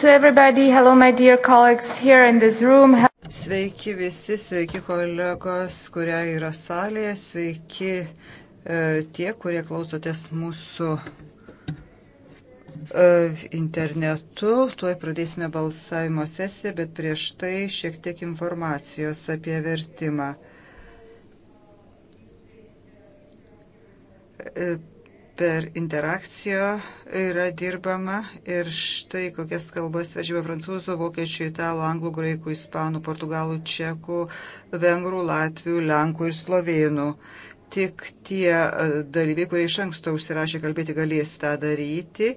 Sveiki visi, sveiki kolegos, kurie yra salėje, sveiki e, tie, kurie klausotės mūsų e, internetu. Tuoj pradėsime balsavimo sesiją, bet prieš tai šiek tiek informacijos apie vertimą. E, per interakciją yra dirbama ir štai kokias kalbas vežime prancūzų, vokiečių, italų, anglų, graikų, ispanų, portugalų, čekų, vengrų, latvių, lenkų ir slovėnų. Tik tie e, dalyviai, kurie iš anksto užsirašė kalbėti, galės tą daryti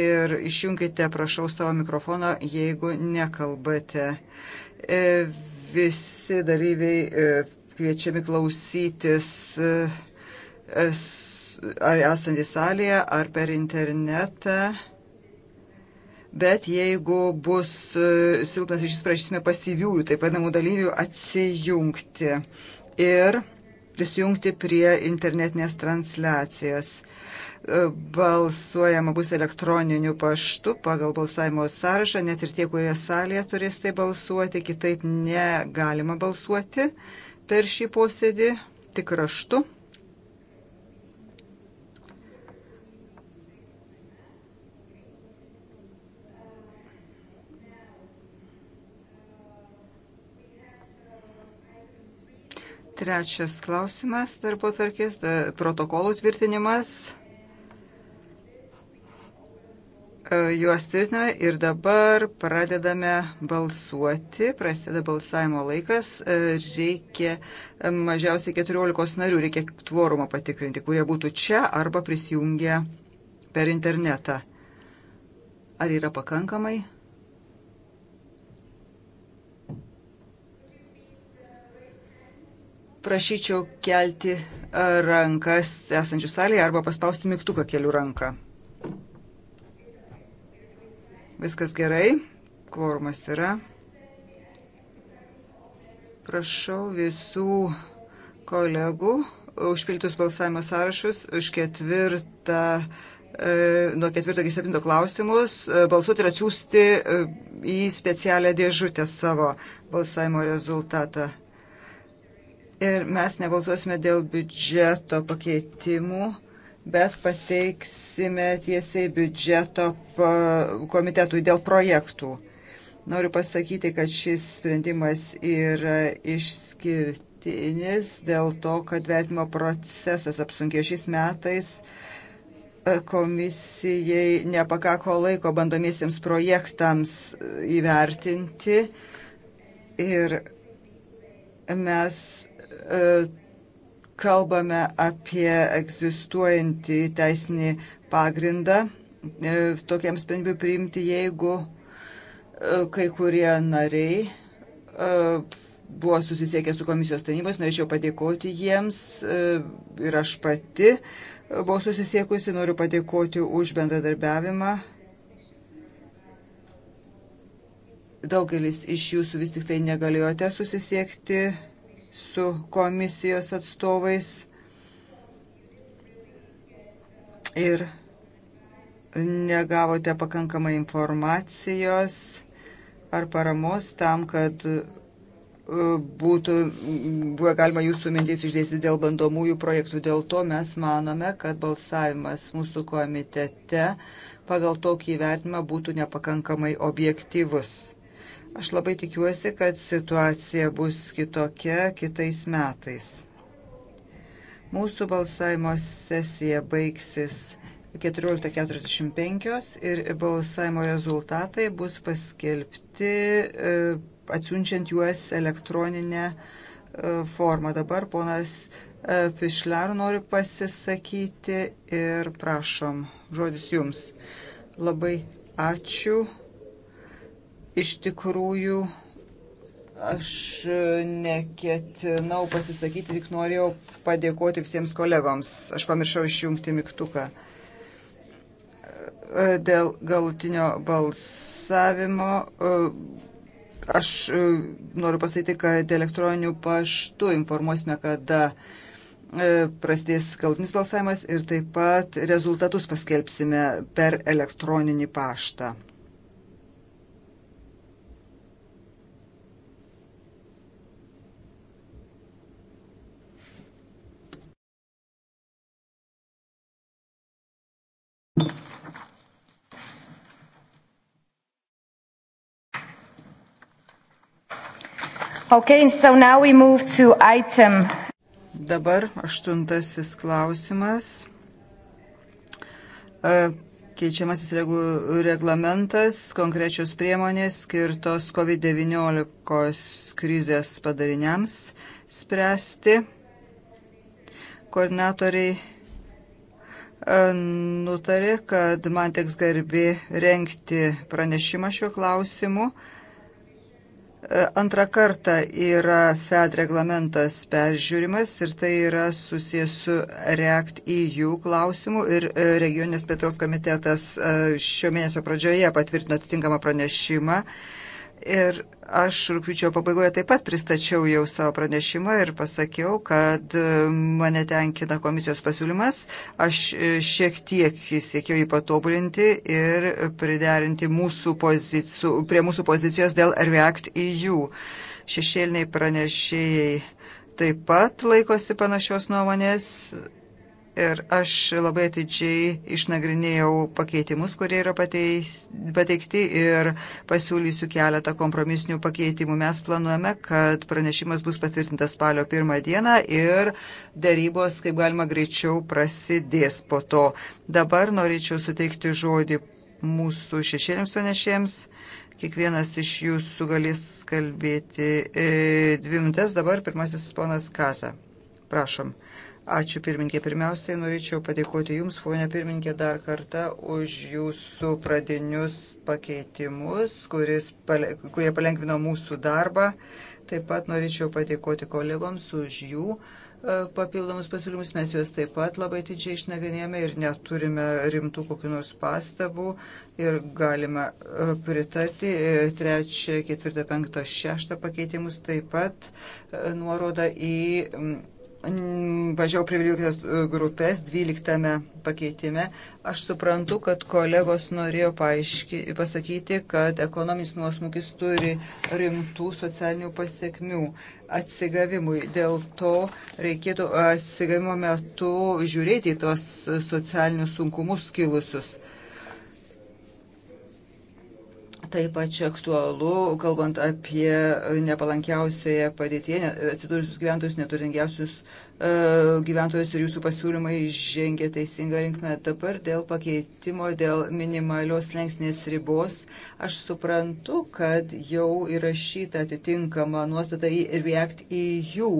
ir išjungite, prašau, savo mikrofoną, jeigu nekalbate. E, visi dalyviai e, kviečiami klausytis ar esantį salėje, ar per internetą. Bet jeigu bus e, silpnas ryšys, prašysime pasyviųjų, taip vadinamų dalyvių, atsijungti ir prisijungti prie internetinės transliacijos e, balsuojama bus elektroniniu paštu pagal balsavimo sąrašą, net ir tie, kurie salėje turės tai balsuoti, kitaip negalima balsuoti per šį posėdį, tik raštu. Trečias klausimas darbo tvarkės - protokolų tvirtinimas. E, juos tvirtiname ir dabar pradedame balsuoti. Prasideda balsavimo laikas. E, reikia e, mažiausiai 14 narių, reikia tvorumą patikrinti, kurie būtų čia arba prisijungę per internetą. Ar yra pakankamai? prašyčiau kelti rankas esančių salėje arba paspausti mygtuką kelių ranką. Viskas gerai, kvorumas yra. Prašau visų kolegų užpildytus balsavimo sąrašus už ketvirtą, e, nuo ketvirto iki septinto klausimus e, balsuoti ir atsiųsti e, į specialią dėžutę savo balsavimo rezultatą ir mes nebalsuosime dėl biudžeto pakeitimų, bet pateiksime tiesiai biudžeto komitetui dėl projektų. Noriu pasakyti, kad šis sprendimas yra išskirtinis dėl to, kad vertimo procesas apsunkė šiais metais komisijai nepakako laiko bandomiesiems projektams įvertinti ir mes E, kalbame apie egzistuojantį teisinį pagrindą e, tokiam sprendimui priimti, jeigu e, kai kurie nariai buvo susisiekę su komisijos tarnybos, norėčiau padėkoti jiems ir aš pati buvau susisiekusi, noriu padėkoti už bendradarbiavimą. Daugelis iš jūsų vis tik tai negalėjote susisiekti su komisijos atstovais ir negavote pakankamai informacijos ar paramos tam, kad e, būtų buvo galima jūsų mintys išdėstyti dėl bandomųjų projektų. Dėl to mes manome, kad balsavimas mūsų komitete pagal tokį įvertinimą būtų nepakankamai objektyvus. Aš labai tikiuosi, kad situacija bus kitokia kitais metais. Mūsų balsavimo sesija baigsis 14.45 ir balsavimo rezultatai bus paskelbti e, atsiunčiant juos elektroninę e, formą. Dabar ponas e, Pišler nori pasisakyti ir prašom, žodis jums. Labai ačiū. Iš tikrųjų, aš e, neketinau pasisakyti, tik norėjau padėkoti visiems kolegoms. Aš pamiršau išjungti mygtuką. E, dėl galutinio balsavimo e, aš noriu pasakyti, kad elektroniniu paštu informuosime, kada prasidės galutinis balsavimas ir taip pat rezultatus paskelbsime per elektroninį paštą. Okay, so now we move to item. Dabar aštuntasis klausimas. E, keičiamasis reglamentas, konkrečios priemonės skirtos COVID-19 krizės padariniams spręsti. Koordinatoriai e, nutarė, kad man teks garbi renkti pranešimą šiuo klausimu. E, antrą kartą yra FED reglamentas peržiūrimas ir tai yra susijęs su REACT EU klausimu ir e, regioninės plėtros komitetas e, šio mėnesio pradžioje patvirtino atitinkamą pranešimą Ir aš rūpiučio pabaigoje taip pat pristačiau jau savo pranešimą ir pasakiau, kad um, mane tenkina komisijos pasiūlymas. Aš e, šiek tiek siekiau jį patobulinti ir priderinti mūsų pozicijų, prie mūsų pozicijos dėl React EU. Šešėliniai pranešėjai taip pat laikosi panašios nuomonės Ir aš labai atidžiai išnagrinėjau pakeitimus, kurie yra pateikti ir pasiūlysiu keletą kompromisinių pakeitimų. Mes planuojame, kad pranešimas bus patvirtintas spalio pirmą dieną ir darybos, kaip galima greičiau, prasidės po to. Dabar norėčiau suteikti žodį mūsų šešėliams panešėjams. Kiekvienas iš jūsų galės kalbėti e, dvi minutės. Dabar pirmasis ponas Kaza. Prašom. Ačiū pirmininkė. Pirmiausiai norėčiau padėkoti Jums, ponia pirmininkė, dar kartą už Jūsų pradinius pakeitimus, kuris, kurie palengvino mūsų darbą. Taip pat norėčiau padėkoti kolegoms už jų e, papildomus pasiūlymus. Mes juos taip pat labai didžiai išnagrinėjame ir neturime rimtų kokių nors pastabų ir galime pritarti e, trečią, ketvirtą, penktą, šeštą pakeitimus. Taip pat e, nuoroda į Mm, važiavau privilegijos grupės 12 pakeitime. Aš suprantu, kad kolegos norėjo paaiški, pasakyti, kad ekonominis nuosmukis turi rimtų socialinių pasiekmių atsigavimui. Dėl to reikėtų atsigavimo metu žiūrėti į tos socialinius sunkumus kilusius taip pačiu aktualu, kalbant apie nepalankiausioje padėtėje atsidūrusius gyventojus, neturtingiausius e, gyventojus ir jūsų pasiūlymai žengia teisingą linkmę. Dabar dėl pakeitimo, dėl minimalios lengsnės ribos, aš suprantu, kad jau įrašyta atitinkama nuostata į React EU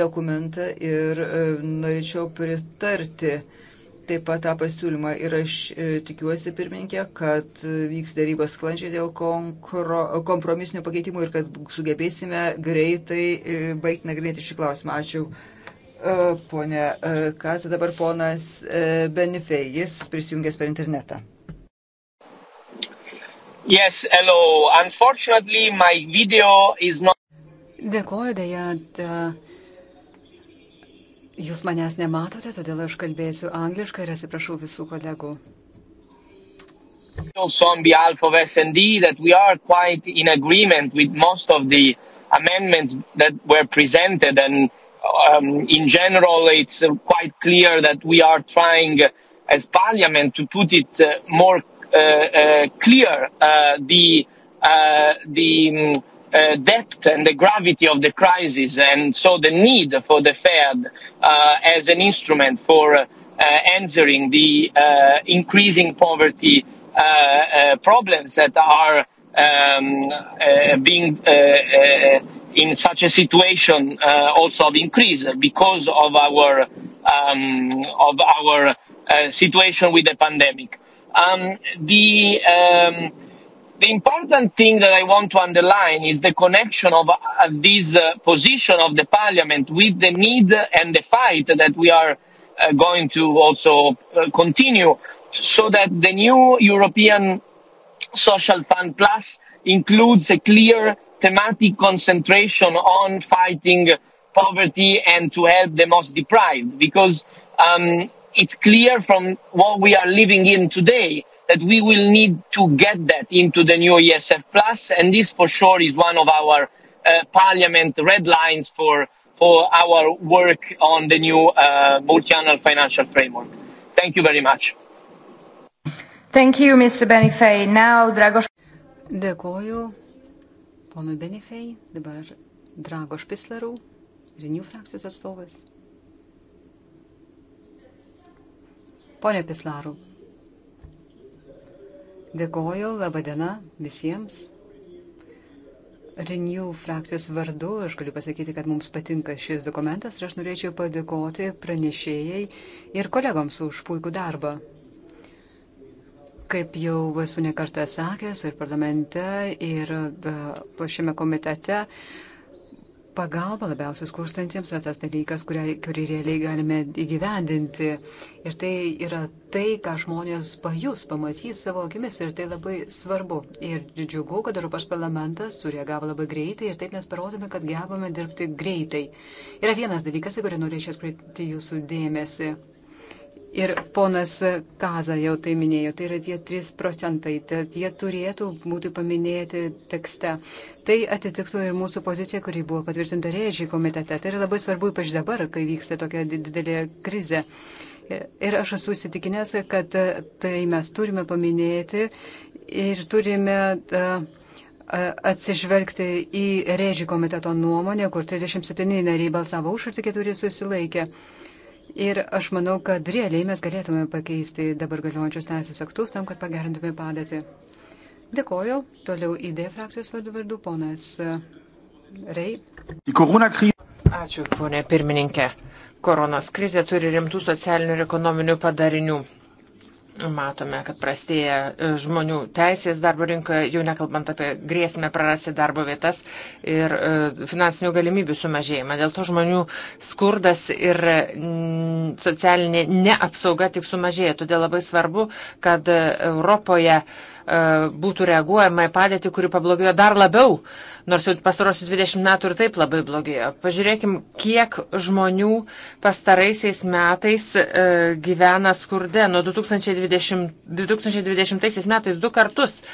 dokumentą ir e, norėčiau pritarti taip pat tą pasiūlymą ir aš e, tikiuosi, pirmininkė, kad e, vyks darybos sklandžiai dėl kompromisinių pakeitimų ir kad sugebėsime greitai e, baigti nagrinėti šį klausimą. Ačiū. Pone Kasa, dabar ponas Benifei, jis prisijungęs per internetą. Yes, hello. Unfortunately, my video is not. Dėkuoju, dėja. Uh... Jūs manęs nematote, todėl aš kalbėsiu angliškai ir atsiprašau visų kolegų. Also on behalf of SND that we are quite in agreement with most of the amendments that were presented and um, in general it's quite clear that we are trying as parliament to put it uh, more uh, uh, clear uh, the uh, the um, uh, depth and the gravity of the crisis, and so the need for the Fed uh, as an instrument for uh, answering the uh, increasing poverty uh, uh, problems that are um, uh, being uh, uh, in such a situation uh, also of increase because of our um, of our uh, situation with the pandemic. Um, the um, the important thing that I want to underline is the connection of uh, this uh, position of the parliament with the need and the fight that we are uh, going to also uh, continue so that the new European Social Fund Plus includes a clear thematic concentration on fighting poverty and to help the most deprived because um, it's clear from what we are living in today that we will need to get that into the new ESF plus, and this for sure is one of our uh, parliament red lines for for our work on the new uh, multi-annual financial framework. Thank you very much. Thank you, Mr. Benifei. Now, Dragos. Dėkoju, ponui Benifei, dabar Dragos Pislerų, Renew frakcijos atstovas. Pone Pislarų, Dėkoju, laba diena visiems. Renew frakcijos vardu aš galiu pasakyti, kad mums patinka šis dokumentas ir aš norėčiau padėkoti pranešėjai ir kolegoms už puikų darbą. Kaip jau esu nekartą sakęs ir parlamente, ir e, šiame komitete, uh, Pagalba labiausiai skurstantiems yra tas dalykas, kurį, kurį realiai galime įgyvendinti. Ir tai yra tai, ką žmonės pajus, pamatys savo akimis. Ir tai labai svarbu. Ir džiugu, kad Europos parlamentas sureagavo labai greitai ir taip mes parodome, kad gebame dirbti greitai. Yra vienas dalykas, į kurį norėčiau atkreipti jūsų dėmesį. Ir ponas Kaza jau tai minėjo, tai yra tie 3 procentai, tad jie turėtų būti paminėti tekste. Tai atitiktų ir mūsų poziciją, kuri buvo patvirtinta rėžiai komitete. Tai yra labai svarbu, ypač dabar, kai vyksta tokia didelė krizė. Ir aš esu įsitikinęs, kad tai mes turime paminėti ir turime. Uh, atsižvelgti į Rėžį komiteto nuomonę, kur 37 nariai balsavo už ir tik keturi susilaikė. Ir aš manau, kad realiai mes galėtume pakeisti dabar galiojančius teisės aktus tam, kad pagerintume padėtį. Dėkoju. Toliau ID frakcijos vardu vardu ponas e, Rei. Ačiū, ponė pirmininkė. Koronos krizė turi rimtų socialinių ir ekonominių padarinių. Matome, kad prastėja e, žmonių teisės darbo rinkoje, jau nekalbant apie grėsmę prarasti darbo vietas ir e, finansinių galimybių sumažėjimą. Dėl to žmonių skurdas ir socialinė neapsauga tik sumažėja. Todėl labai svarbu, kad e, Europoje uh, būtų reaguojama į padėtį, kuri pablogėjo dar labiau, nors jau pastarosius 20 metų ir taip labai blogėjo. Pažiūrėkim, kiek žmonių pastaraisiais metais e, gyvena skurde. Nuo 2020, 2020 metais du kartus e,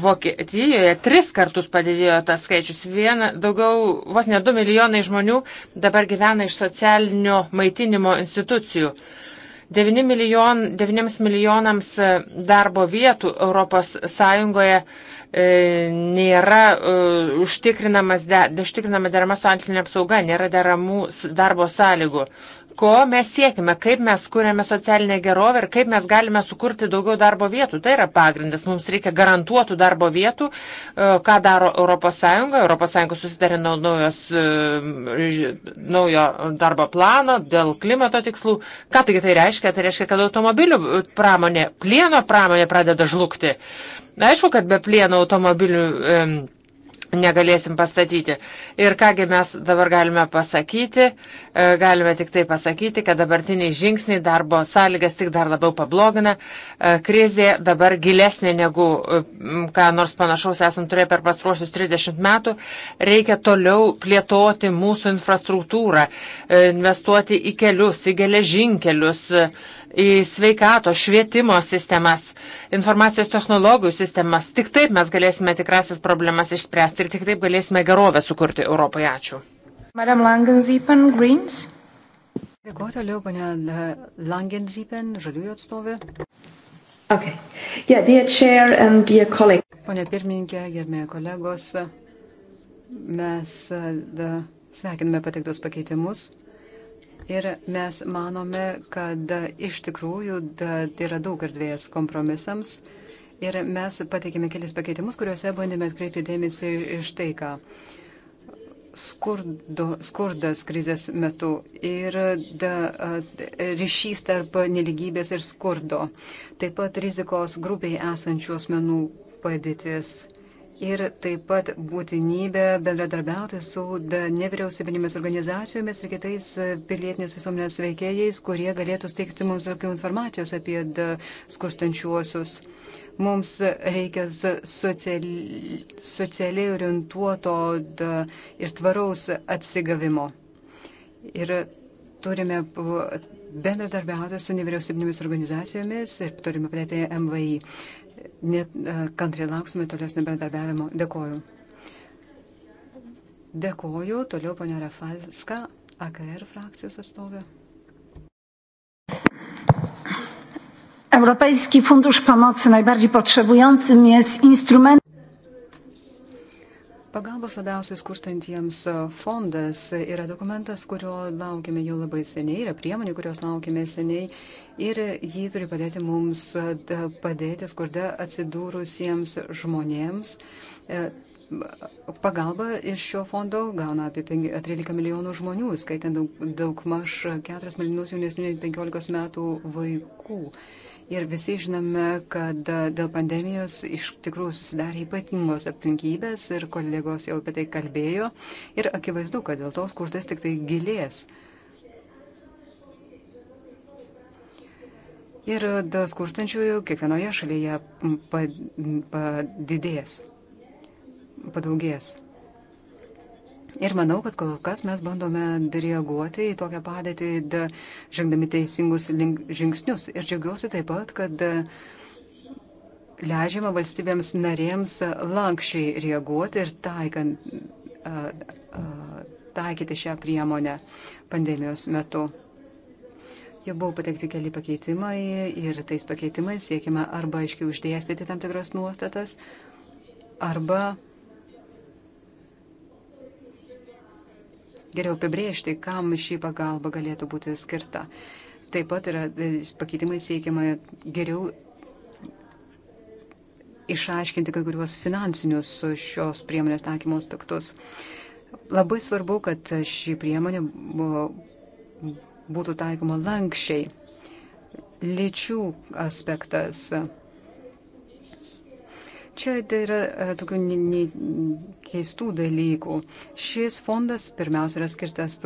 Vokietijoje tris kartus padidėjo tas skaičius. Viena, daugiau, vos ne 2 milijonai žmonių dabar gyvena iš socialinio maitinimo institucijų. Uh, 9, milijon, 9 milijonams e, darbo vietų ES e, nėra e, užtikrinama derama socialinė apsauga, nėra deramų darbo sąlygų ko mes siekime, kaip mes kūrėme socialinę gerovę ir kaip mes galime sukurti daugiau darbo vietų. Tai yra pagrindas. Mums reikia garantuotų darbo vietų, e, ką daro ES. ES susidarė naujos, e, naujo darbo plano dėl klimato tikslų. Ką taigi tai reiškia? Tai reiškia, kad automobilių pramonė, plieno pramonė pradeda žlugti. Aišku, kad be plieno automobilių. E, negalėsim pastatyti. Ir kągi mes dabar galime pasakyti, e, galime tik tai pasakyti, kad dabartiniai žingsniai darbo sąlygas tik dar labiau pablogina. E, krizė dabar gilesnė negu e, ką nors panašaus esam turėję per pastruosius 30 metų. Reikia toliau plėtoti mūsų infrastruktūrą, investuoti į kelius, į geležinkelius, į sveikato, švietimo sistemas, informacijos technologijų sistemas. Tik taip mes galėsime tikrasis problemas išspręsti ir tik taip galėsime gerovę sukurti Europoje. Ačiū. Madam Langenzypen, Greens. Dėkuoju toliau, ponia e, Langenzypen, žaliųjų atstovė. Okay. Yeah, dear chair and dear colleague. Pone pirmininkė, gerbėjai kolegos, mes e, da, sveikiname pateiktus pakeitimus. Ir mes manome, kad e, iš tikrųjų da, yra daug erdvės kompromisams. Uh, Ir mes pateikėme kelis pakeitimus, kuriuose bandėme atkreipti dėmesį iš tai, ką skurdo, skurdas krizės metu ir da, ryšys tarp neligybės ir skurdo, taip pat rizikos grupiai esančių asmenų padėtis ir taip pat būtinybė bendradarbiauti su nevyriausybinėmis organizacijomis ir kitais pilietinės visuomenės veikėjais, kurie galėtų steigti mums daugiau informacijos apie skurstančiuosius. Mums reikia sociali, socialiai orientuoto ir tvaraus atsigavimo. Ir turime bendradarbiauti su nevyriausybinėmis organizacijomis ir turime padėti MVI. Net e, kantriai lauksime tolesnio bendradarbiavimo. Dėkoju. Dėkoju. Toliau ponia Rafalska, AKR frakcijos atstovė. Europejski Fundusz Pomocy najbardziej potrzebującym jest instrument. Pagalbos labiausiai skurstantiems fondas yra dokumentas, kurio laukime jau labai seniai, yra priemonė, kurios laukime seniai ir jį turi padėti mums padėti skurde atsidūrusiems žmonėms. E, pagalba iš šio fondo gauna apie 13 e, milijonų žmonių, skaitant daug, daug maž 4 milijonus jaunesnių 15 metų vaikų. Ir visi žinome, kad e, dėl pandemijos iš tikrųjų susidarė ypatingos aplinkybės ir kolegos jau apie tai kalbėjo. Ir akivaizdu, kad dėl to skurdas tik tai gilės. Ir e, dėl skurstančiųjų kiekvienoje šalyje padidės, padaugės. Ir manau, kad kol kas mes bandome reaguoti į tokią padėtį, žengdami teisingus žingsnius. Ir džiaugiuosi taip pat, kad leidžiama valstybėms narėms lankščiai reaguoti ir taikant, taikyti šią priemonę pandemijos metu. Jau buvo pateikti keli pakeitimai ir tais pakeitimais siekime arba aiškiai uždėstyti tam tikras nuostatas, arba geriau apibriežti, kam šį pagalbą galėtų būti skirta. Taip pat yra e, pakeitimai siekiama geriau išaiškinti kai kuriuos finansinius šios priemonės taikymo aspektus. Labai svarbu, kad ši priemonė būtų taikoma lankščiai. Lyčių aspektas Čia tai yra e, tokių keistų dalykų. Šis fondas pirmiausia yra skirtas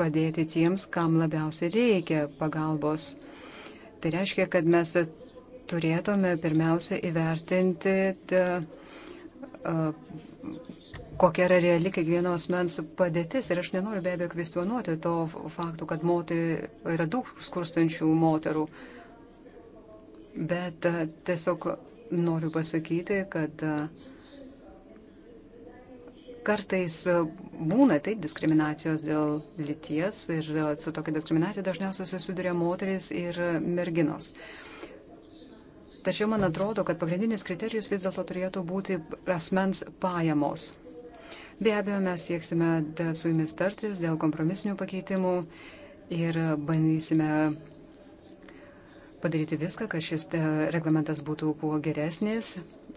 padėti tiems, kam labiausiai reikia pagalbos. Tai reiškia, kad mes turėtume pirmiausia įvertinti, tė, e, kokia yra reali kiekvieno asmens padėtis. Ir aš nenoriu be abejo kvestionuoti to faktų, kad moterį, yra daug skurstančių moterų. Bet e, tiesiog noriu pasakyti, kad e, kartais e, būna taip diskriminacijos dėl lyties ir e, su tokia diskriminacija dažniausiai susiduria moteris ir merginos. Tačiau man atrodo, kad pagrindinis kriterijus vis dėlto turėtų būti asmens pajamos. Be abejo, mes sieksime su jumis tartis dėl kompromisinių pakeitimų ir bandysime padaryti viską, kad šis e, reglamentas būtų kuo geresnis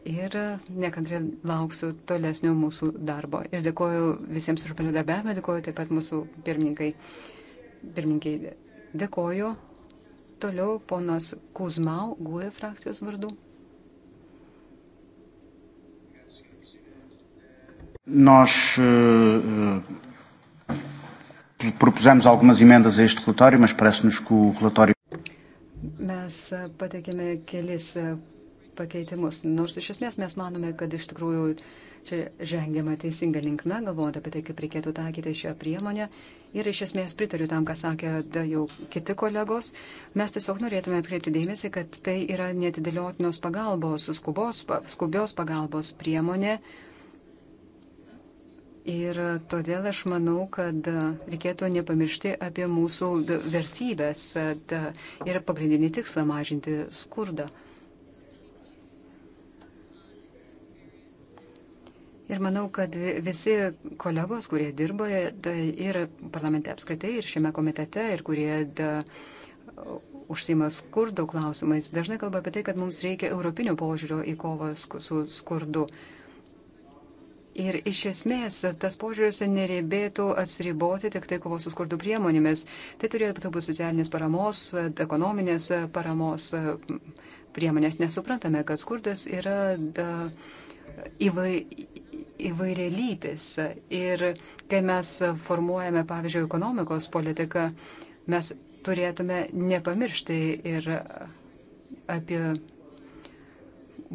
ir nekantri lauksiu tolesnio mūsų darbo. Ir dėkoju visiems už bendradarbiavimą, dėkoju taip pat mūsų pirmininkai. Pirmininkai, dėkoju. Toliau ponas Kuzmau, GUE frakcijos vardu. Nós uh, eh, eh, propusemos algumas emendas a este relatório, mas parece-nos que o relatório. Mes pateikėme kelis pakeitimus, nors iš esmės mes manome, kad iš tikrųjų čia žengiama teisinga linkme, galvojant apie tai, kaip reikėtų taikyti šią priemonę. Ir iš esmės pritariu tam, ką sakė da, jau kiti kolegos. Mes tiesiog norėtume atkreipti dėmesį, kad tai yra netidėliotinos pagalbos, skubos, skubios pagalbos priemonė. Uh, Ir todėl aš manau, kad reikėtų nepamiršti apie mūsų vertybės ir pagrindinį tikslą mažinti skurdą. Ir manau, kad visi kolegos, kurie dirba ir parlamente apskritai, ir šiame komitete, ir kurie da, užsima skurdo klausimais, dažnai kalba apie tai, kad mums reikia europinio požiūrio į kovą su skurdu. Uh, Ir iš esmės tas požiūris nereibėtų atsiriboti tik tai kovos su skurdu priemonėmis. Tai turėtų būti socialinės paramos, ekonominės paramos priemonės. Nesuprantame, kad skurdas yra da, įvai, įvairialypis. Ir kai mes formuojame, pavyzdžiui, ekonomikos politiką, mes turėtume nepamiršti ir apie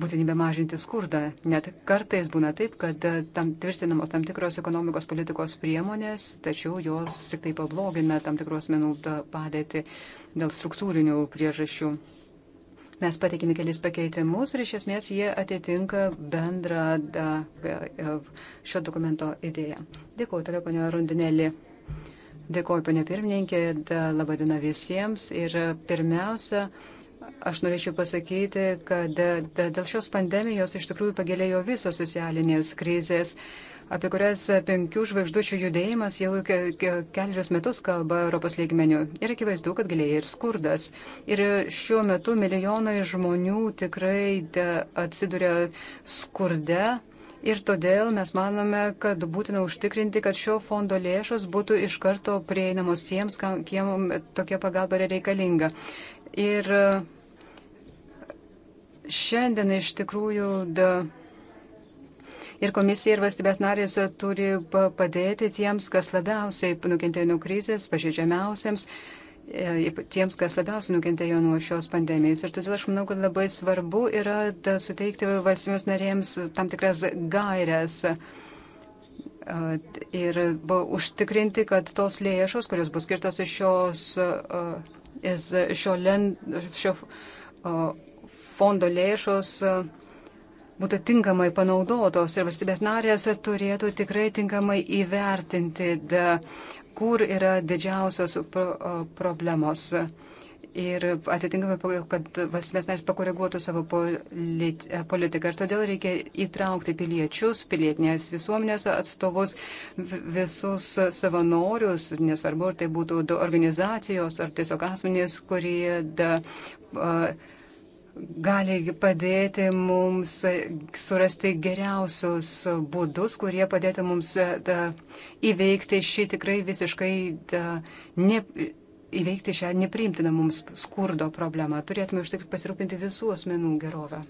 būtinybę mažinti skurdą. Net kartais būna taip, kad e, tam tvirtinamos tam tikros ekonomikos politikos priemonės, tačiau jos tik tai pablogina tam tikros menų e, padėti dėl struktūrinių priežasčių. Mes pateikėme kelis pakeitimus ir iš esmės jie atitinka bendrą da, e, šio dokumento idėją. Dėkuoju toliau, ponio Rundinėlį. Dėkuoju, ponio pirmininkė, labadiena visiems ir pirmiausia, Aš norėčiau pasakyti, kad dėl šios pandemijos iš tikrųjų pagėlėjo visos socialinės krizės, apie kurias penkių žvaigždučių judėjimas jau kelius metus kalba Europos lygmenių. Ir akivaizdu, kad gilėja ir skurdas. Ir šiuo metu milijonai žmonių tikrai atsiduria skurde. Ir todėl mes manome, kad būtina užtikrinti, kad šio fondo lėšos būtų iš karto prieinamos tiems, kam tokia pagalba yra reikalinga. Ir uh, Šiandien iš tikrųjų da, ir komisija, ir valstybės narės turi padėti tiems, kas labiausiai nukentėjo nuo krizės, pažeidžiamiausiams, e, tiems, kas labiausiai nukentėjo nuo šios pandemijos. Ir todėl aš manau, kad labai svarbu yra da, suteikti valstybės narėms tam tikras gairias e, ir užtikrinti, kad tos lėšos, kurios bus skirtos iš šios, e, iš šio, len, šio o, fondo lėšos e, būtų tinkamai panaudotos ir valstybės narės turėtų tikrai tinkamai įvertinti, kur yra didžiausios e, problemos. Ir atitinkamai, kad valstybės narės pakoreguotų savo e, politiką. Ir todėl reikia įtraukti piliečius, pilietinės visuomenės atstovus, visus savanorius, nesvarbu, ar tai būtų organizacijos, ar tiesiog asmenys, kurie da, uh, gali padėti mums surasti geriausius būdus, kurie padėtų mums e, da, įveikti šį tikrai visiškai da, ne, įveikti šią nepriimtiną mums skurdo problemą. Turėtume už tai pasirūpinti visų asmenų gerovę.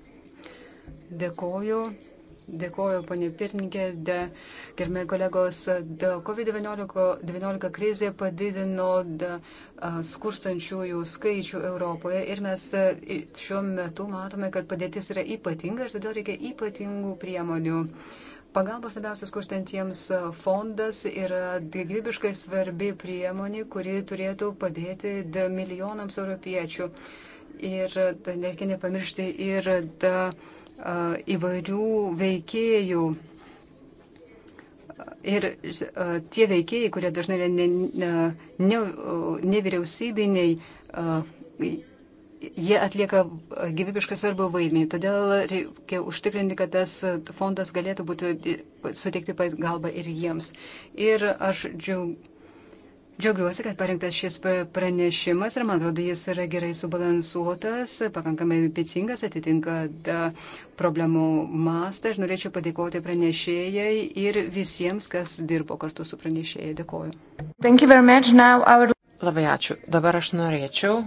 Dėkoju. Dėkoju, ponė Pirmininkė, gerbėjai kolegos. COVID-19 krizė padidino de, skurstančiųjų skaičių Europoje ir mes e, šiuo metu matome, kad padėtis yra ypatinga ir todėl reikia ypatingų priemonių. Pagalbos labiausiai skurstantiems e, fondas yra gyvybiškai svarbi priemonė, kuri turėtų padėti de, milijonams europiečių. Ir e, reikia nepamiršti ir. Da, įvairių veikėjų. Ir tie veikėjai, kurie dažnai yra nevyriausybiniai, ne, ne, ne jie atlieka gyvybiškai svarbu vaidmenį. Todėl reikia užtikrinti, kad tas fondas galėtų būti suteikti pagalbą ir jiems. Ir aš džiaugiuosi Džiaugiuosi, kad parinktas šis pranešimas ir man atrodo, jis yra gerai subalansuotas, pakankamai ambicingas, atitinka da, problemų mastą. Aš norėčiau padėkoti pranešėjai ir visiems, kas dirbo kartu su pranešėjai. Dėkoju. Our... Labai ačiū. Dabar aš norėčiau.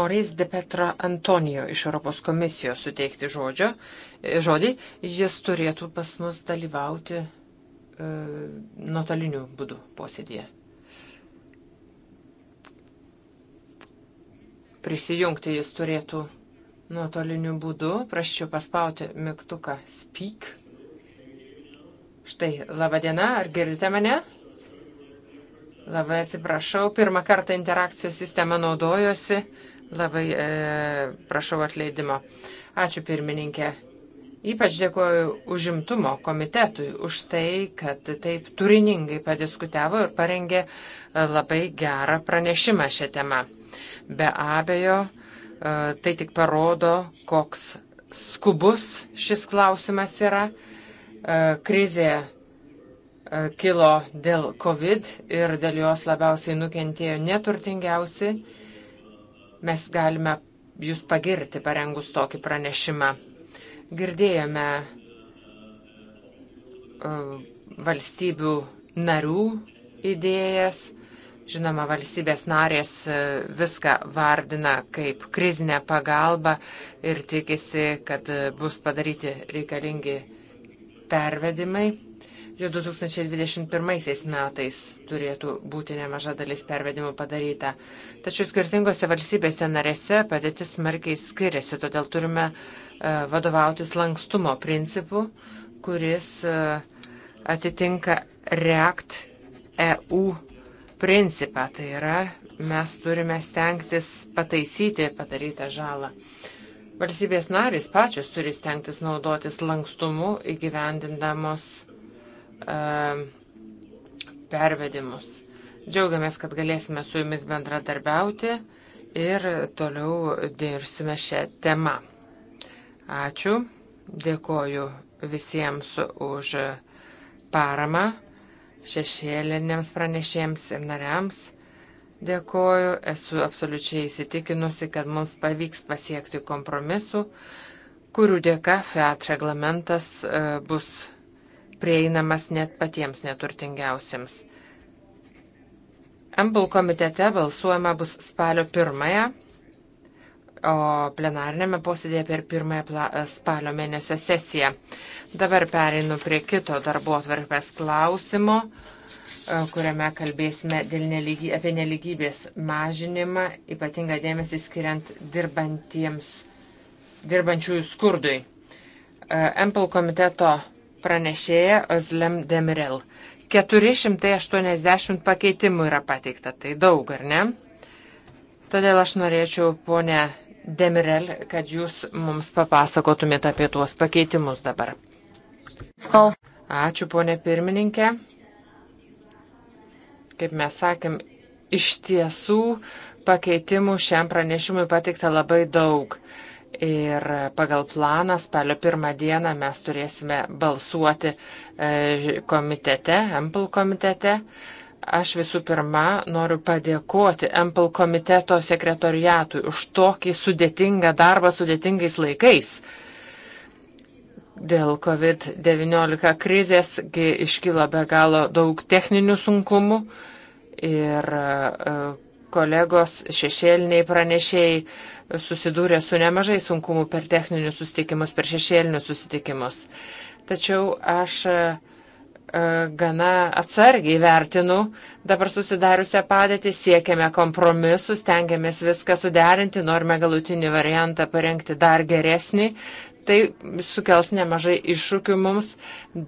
Moris de Petra Antonijo iš Europos komisijos suteikti žodžio, žodį. Jis turėtų pas mus dalyvauti E, nuotoliniu būdu posėdėje. Prisijungti jis turėtų nuotoliniu būdu. Praščiau paspauti mygtuką Speak. Štai, laba diena, ar girdite mane? Labai atsiprašau, pirmą kartą interakcijų sistema naudojosi. Labai e, prašau atleidimo. Ačiū pirmininkė. Ypač dėkoju užimtumo komitetui už tai, kad taip turiningai padiskutavo ir parengė e, labai gerą pranešimą šią temą. Be abejo, e, tai tik parodo, koks skubus šis klausimas yra. E, krizė kilo dėl COVID ir dėl jos labiausiai nukentėjo neturtingiausi. Mes galime jūs pagirti parengus tokį pranešimą. Girdėjome e, valstybių narių idėjas. Žinoma, valstybės narės e, viską vardina kaip krizinę pagalbą ir tikisi, kad e, bus padaryti reikalingi pervedimai. Jau 2021 metais turėtų būti nemaža dalis pervedimų padaryta. Tačiau skirtingose valstybėse narėse padėtis smarkiai skiriasi, todėl turime e, vadovautis lankstumo principu, kuris e, atitinka REACT EU principą. Tai yra, mes turime stengtis pataisyti padarytą žalą. Valstybės narys pačios turi stengtis naudotis lankstumu įgyvendindamos Um, pervedimus. Džiaugiamės, kad galėsime su jumis bendradarbiauti ir toliau dirbsime šią temą. Ačiū, dėkoju visiems už paramą šešėliniams pranešėjams ir nariams. Dėkoju, esu absoliučiai įsitikinusi, kad mums pavyks pasiekti kompromisų, kurių dėka FEAT reglamentas uh, bus prieinamas net patiems neturtingiausiems. Ampul komitete balsuojama bus spalio pirmąją, o plenarinėme posėdėje per pirmąją e, spalio mėnesio sesiją. Dabar pereinu prie kito darbo atvarkės klausimo, e, kuriame kalbėsime nelygy, apie neligybės mažinimą, ypatingą dėmesį skiriant dirbantiems, dirbančiųjų skurdui. Ampul e, komiteto pranešėja Özlem Demirel. 480 pakeitimų yra pateikta, tai daug, ar ne? Todėl aš norėčiau, ponė Demirel, kad jūs mums papasakotumėte apie tuos pakeitimus dabar. Ačiū, ponė pirmininkė. Kaip mes sakėm, iš tiesų pakeitimų šiam pranešimui pateikta labai daug. Ir pagal planą spalio pirmą dieną mes turėsime balsuoti e, komitete, MPL komitete. Aš visų pirma noriu padėkoti MPL komiteto sekretoriatui už tokį sudėtingą darbą sudėtingais laikais. Dėl COVID-19 krizės iškilo be galo daug techninių sunkumų ir e, kolegos šešėliniai pranešėjai susidūrė su nemažai sunkumų per techninius susitikimus, per šešėlinius susitikimus. Tačiau aš e, e, gana atsargiai vertinu dabar susidariusią padėtį, siekiame kompromisų, stengiamės viską suderinti, norime galutinį variantą parengti dar geresnį, Tai sukels nemažai iššūkių mums,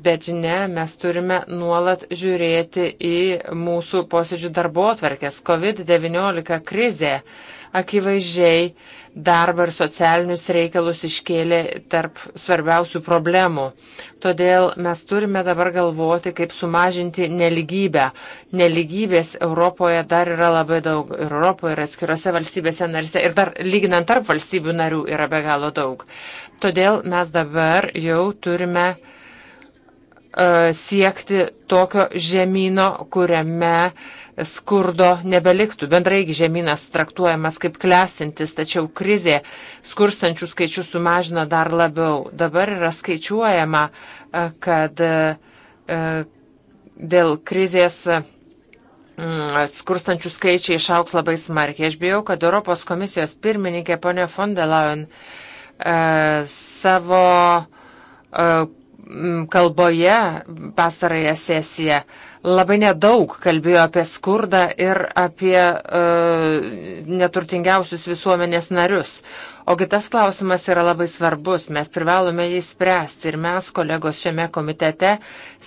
bet žinia, mes turime nuolat žiūrėti į mūsų posėdžių darbo atverkės. COVID-19 krizė akivaizdžiai darbą ir socialinius reikalus iškėlė tarp svarbiausių problemų. Todėl mes turime dabar galvoti, kaip sumažinti neligybę. Neligybės Europoje dar yra labai daug ir Europoje, ir atskirose valstybėse narise, ir dar lyginant tarp valstybių narių yra be galo daug. Todėl mes dabar jau turime uh, E, siekti tokio žemynų, kuriame skurdo nebeliktų. Bendraigi žemynas traktuojamas kaip klesintis, tačiau krizė skurstančių skaičių sumažino dar labiau. Dabar yra skaičiuojama, e, kad e, dėl krizės mm, skurstančių skaičiai išauks labai smarkiai. Aš bijau, kad Europos komisijos pirmininkė ponė von der Leyen savo Mm, kalboje pastarąją sesiją labai nedaug kalbėjo apie skurdą ir apie e, neturtingiausius visuomenės narius. O kitas klausimas yra labai svarbus, mes privalome jį spręsti ir mes, kolegos šiame komitete,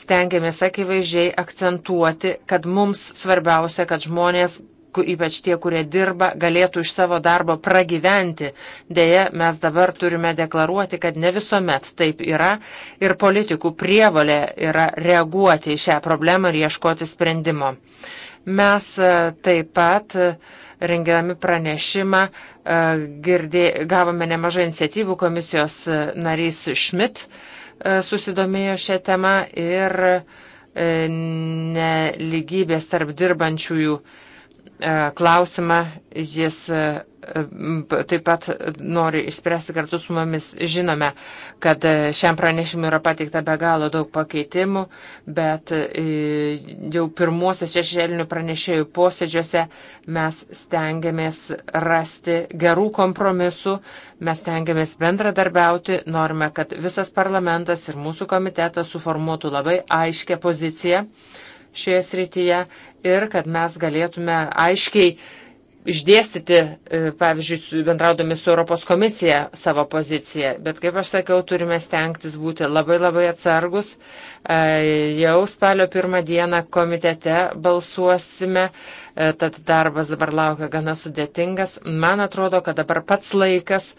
stengiamės akivaizdžiai akcentuoti, kad mums svarbiausia, kad žmonės ypač tie, kurie dirba, galėtų iš savo darbo pragyventi. Deja, mes dabar turime deklaruoti, kad ne visuomet taip yra ir politikų prievalė yra reaguoti į šią problemą ir ieškoti sprendimo. Mes e, taip pat, e, rengdami pranešimą, e, girdė, gavome nemažai iniciatyvų komisijos narys Šmit susidomėjo šią temą ir neligybės tarp dirbančiųjų uh, E, klausimą jis e, taip pat nori išspręsti kartu su mumis. Žinome, kad e, šiam pranešimui yra pateikta be galo daug pakeitimų, bet jau pirmuosios šešėlinių pranešėjų posėdžiuose mes stengiamės rasti gerų kompromisų, mes stengiamės bendradarbiauti, norime, kad visas parlamentas ir mūsų komitetas suformuotų labai aiškę poziciją šioje srityje ir kad mes galėtume aiškiai išdėstyti, e, pavyzdžiui, bendraudami su Europos komisija savo poziciją. Bet kaip aš sakiau, turime stengtis būti labai labai atsargus. E, jau spalio pirmą dieną komitete balsuosime, e, tad darbas dabar laukia gana sudėtingas. Man atrodo, kad dabar pats laikas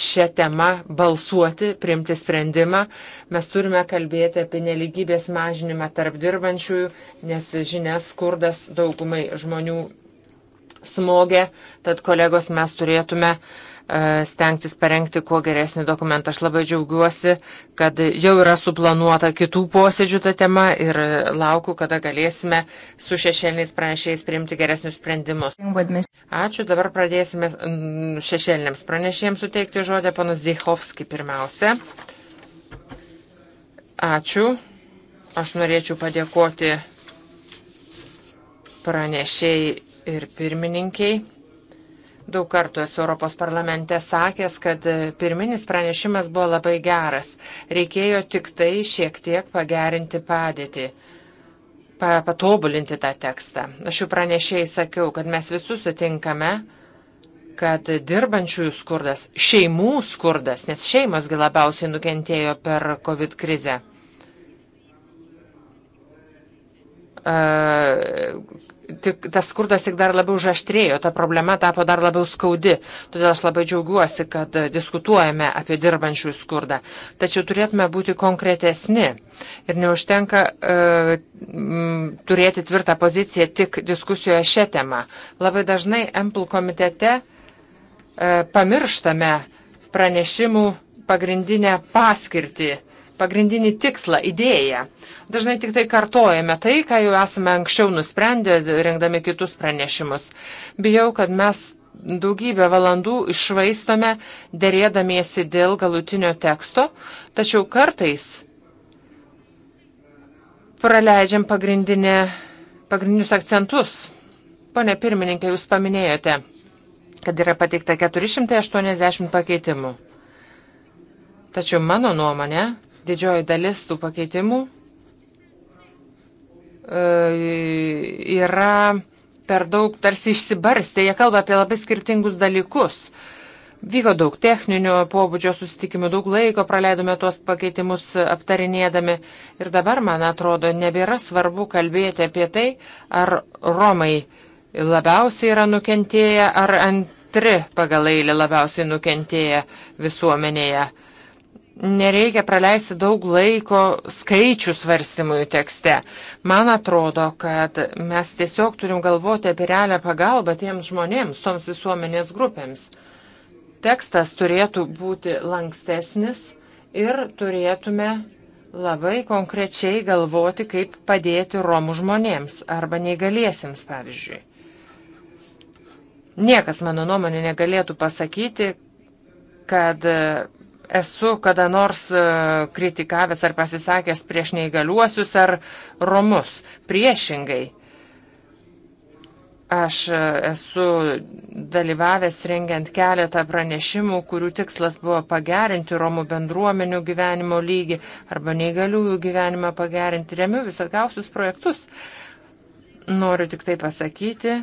šią temą balsuoti, priimti sprendimą. Mes turime kalbėti apie neligybės mažinimą tarp dirbančiųjų, nes žinias skurdas daugumai žmonių smogė, tad kolegos mes turėtume e, stengtis parengti kuo geresnį dokumentą. Aš labai džiaugiuosi, kad jau yra suplanuota kitų posėdžių ta tema ir laukiu, kada galėsime su šešėliniais pranešėjais priimti geresnius sprendimus. Ačiū, dabar pradėsime šešėliniams pranešėjams suteikti žodį panas Zichovski pirmiausia. Ačiū. Aš norėčiau padėkoti pranešėjai ir pirmininkiai daug kartų esu Europos parlamente sakęs, kad e, pirminis pranešimas buvo labai geras. Reikėjo tik tai šiek tiek pagerinti padėtį, pa, patobulinti tą tekstą. Aš jau pranešėjai sakiau, kad mes visus sutinkame kad dirbančiųjų skurdas, šeimų skurdas, nes šeimosgi labiausiai nukentėjo per COVID krizę. Uh, tik, tas skurdas tik dar labiau žaštrėjo, ta problema tapo dar labiau skaudi. Todėl aš labai džiaugiuosi, kad e, diskutuojame apie dirbančių skurdą. Tačiau turėtume būti konkretesni. Ir neužtenka uh, turėti tvirtą poziciją tik diskusijoje šią temą. Labai dažnai MPL komitete uh, pamirštame pranešimų pagrindinę paskirtį pagrindinį tikslą, idėją. Dažnai tik tai kartojame tai, ką jau esame anksčiau nusprendę, rengdami kitus pranešimus. Bijau, kad mes daugybę valandų išvaistome dėrėdamiesi dėl galutinio teksto, tačiau kartais praleidžiam pagrindinius akcentus. Pone pirmininkė, jūs paminėjote, kad yra pateikta 480 pakeitimų. Tačiau mano nuomonė, Didžioji dalis tų pakeitimų e, yra per daug tarsi išsibarstę, jie kalba apie labai skirtingus dalykus. Vyko daug techninių pobūdžio susitikimų, daug laiko praleidome tuos pakeitimus aptarinėdami ir dabar, man atrodo, nebėra svarbu kalbėti apie tai, ar Romai labiausiai yra nukentėję, ar antri pagal eilį labiausiai nukentėję visuomenėje nereikia praleisti daug laiko skaičių svarstymui tekste. Man atrodo, kad mes tiesiog turim galvoti apie realią pagalbą tiems žmonėms, toms visuomenės grupėms. Tekstas turėtų būti lankstesnis ir turėtume labai konkrečiai galvoti, kaip padėti romų žmonėms arba neįgaliesiems, pavyzdžiui. Niekas, mano nuomonė, negalėtų pasakyti, kad esu kada nors e, kritikavęs ar pasisakęs prieš neįgaliuosius ar romus. Priešingai, aš e, esu dalyvavęs rengiant keletą pranešimų, kurių tikslas buvo pagerinti romų bendruomenių gyvenimo lygį arba neįgaliųjų gyvenimą pagerinti. Remiu visokiausius projektus. Noriu tik tai pasakyti,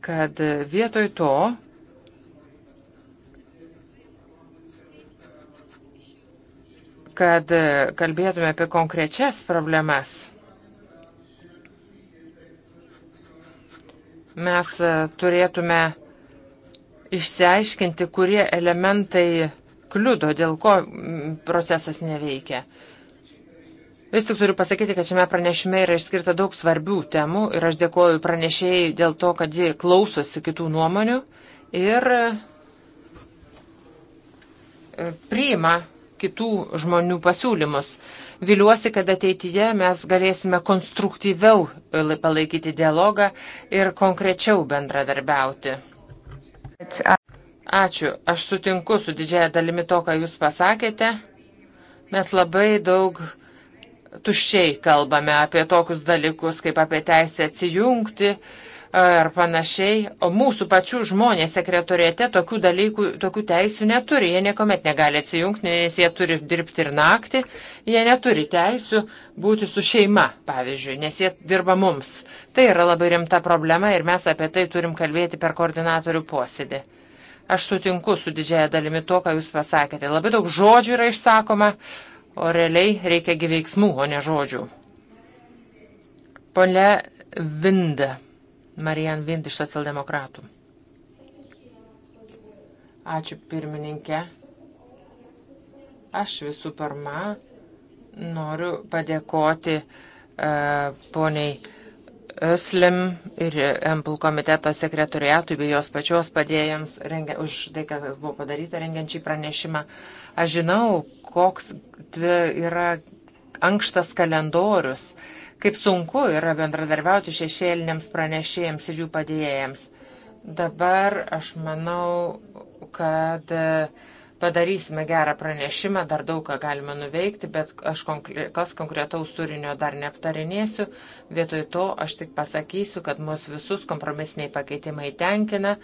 kad vietoj to, kad e, kalbėtume apie konkrečias problemas. Mes e, turėtume išsiaiškinti, kurie elementai kliudo, dėl ko procesas neveikia. Vis tik turiu pasakyti, kad šiame pranešime yra išskirta daug svarbių temų ir aš dėkoju pranešėjai dėl to, kad ji klausosi kitų nuomonių ir e, priima kitų žmonių pasiūlymus. Viliuosi, kad ateityje mes galėsime konstruktyviau e, palaikyti dialogą ir konkrečiau bendradarbiauti. Ačiū, aš sutinku su didžiaja dalimi to, ką Jūs pasakėte. Mes labai daug tuščiai kalbame apie tokius dalykus, kaip apie teisę atsijungti, uh, ar panašiai, o mūsų pačių žmonės sekretoriete tokių dalykų, tokių teisių neturi, jie niekuomet negali atsijungti, nes jie turi dirbti ir naktį, jie neturi teisių būti su šeima, pavyzdžiui, nes jie dirba mums. Tai yra labai rimta problema ir mes apie tai turim kalbėti per koordinatorių posėdį. Aš sutinku su didžiaja dalimi to, ką jūs pasakėte. Labai daug žodžių yra išsakoma, o realiai reikia gyveiksmų, o ne žodžių. Pone Vinda Marijan Vint iš socialdemokratų. Ačiū pirmininkė. Aš visų pirma noriu padėkoti uh, poniai Öslim ir MPL komiteto sekretoriatui bei jos pačios padėjams rengia, už tai, kad buvo padaryta rengiant šį pranešimą. Aš žinau, koks yra ankštas kalendorius. Uh, kaip sunku yra bendradarbiauti šešėliniams pranešėjams ir jų padėjėjams. Dabar aš manau, kad e, padarysime gerą pranešimą, dar daug ką galime nuveikti, bet aš konkre kas konkretaus turinio dar neaptarinėsiu. Vietoj to aš tik pasakysiu, kad mus visus kompromisiniai pakeitimai tenkina.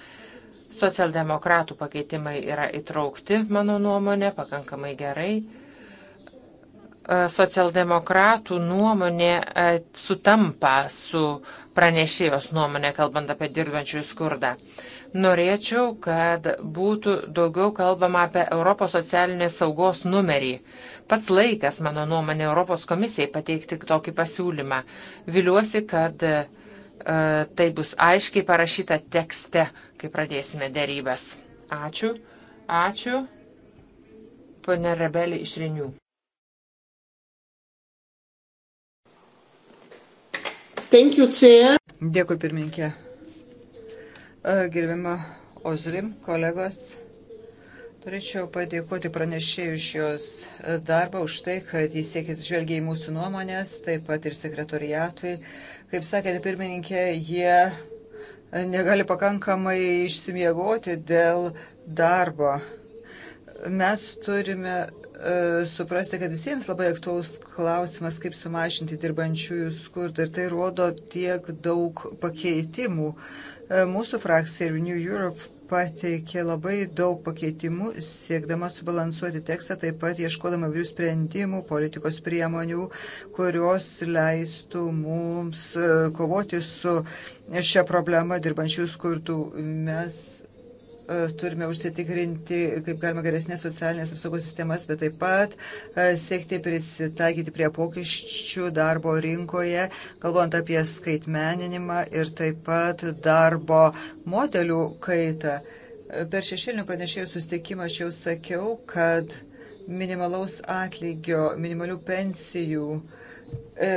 Socialdemokratų pakeitimai yra įtraukti, mano nuomonė, pakankamai gerai. E, socialdemokratų nuomonė e, sutampa su pranešėjos nuomonė, kalbant apie dirbančių skurdą. Norėčiau, kad būtų daugiau kalbama apie Europos socialinės saugos numerį. Pats laikas, mano nuomonė, Europos komisijai pateikti tokį pasiūlymą. Viliuosi, kad e, tai bus aiškiai parašyta tekste, kai pradėsime dėrybas. Ačiū. Ačiū. Pane Rebelį iš Renių. Thank you, Chair. Dėkui, pirmininkė. E, Gerbimo Ozrim, kolegos. Norėčiau padėkoti pranešėjų iš jos darbą už tai, kad jis siekia žvelgia į mūsų nuomonės, taip pat ir sekretoriatui. Kaip sakėte, pirmininkė, jie negali pakankamai išsimiegoti dėl darbo. Mes turime E, suprasti, kad visiems labai aktuolus klausimas, kaip sumažinti dirbančiųjų skurdą. Ir tai rodo tiek daug pakeitimų. E, mūsų frakcija ir New Europe pateikė labai daug pakeitimų, siekdama subalansuoti tekstą, taip pat ieškodama įvairių sprendimų, politikos priemonių, kurios leistų mums e, kovoti su šią problemą dirbančių skurtų. Mes E, turime užsitikrinti, kaip galima geresnės socialinės apsaugos sistemas, bet taip pat e, siekti prisitaikyti prie pokyščių darbo rinkoje, kalbant apie skaitmeninimą ir taip pat darbo modelių kaitą. E, per šešėlinių pranešėjų susitikimą aš jau sakiau, kad minimalaus atlygio, minimalių pensijų uh, E,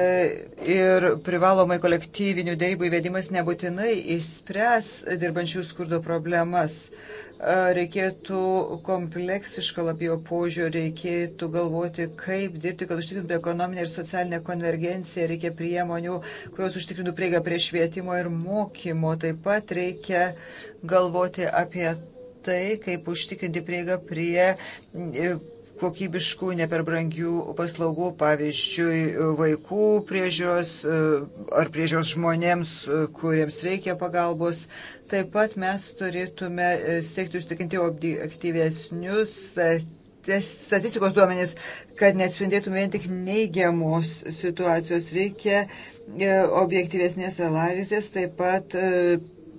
ir privalomai kolektyvinių dėrybų įvedimas nebūtinai išspręs dirbančių skurdo problemas. E, reikėtų kompleksiško labiau požiūrį, reikėtų galvoti, kaip dirbti, kad užtikrintų ekonominę ir socialinę konvergenciją, reikia priemonių, kurios užtikrintų prieigą prie švietimo ir mokymo. Taip pat reikia galvoti apie tai, kaip užtikrinti prieigą prie kokybiškų, ne per brangių paslaugų, pavyzdžiui, vaikų priežiūros e, ar priežiūros žmonėms, e, kuriems reikia pagalbos. Taip pat mes turėtume e, siekti užtikinti objektyvesnius statistikos duomenys, kad neatspindėtume vien tik neigiamos situacijos. Reikia objektyvesnės analizės, taip pat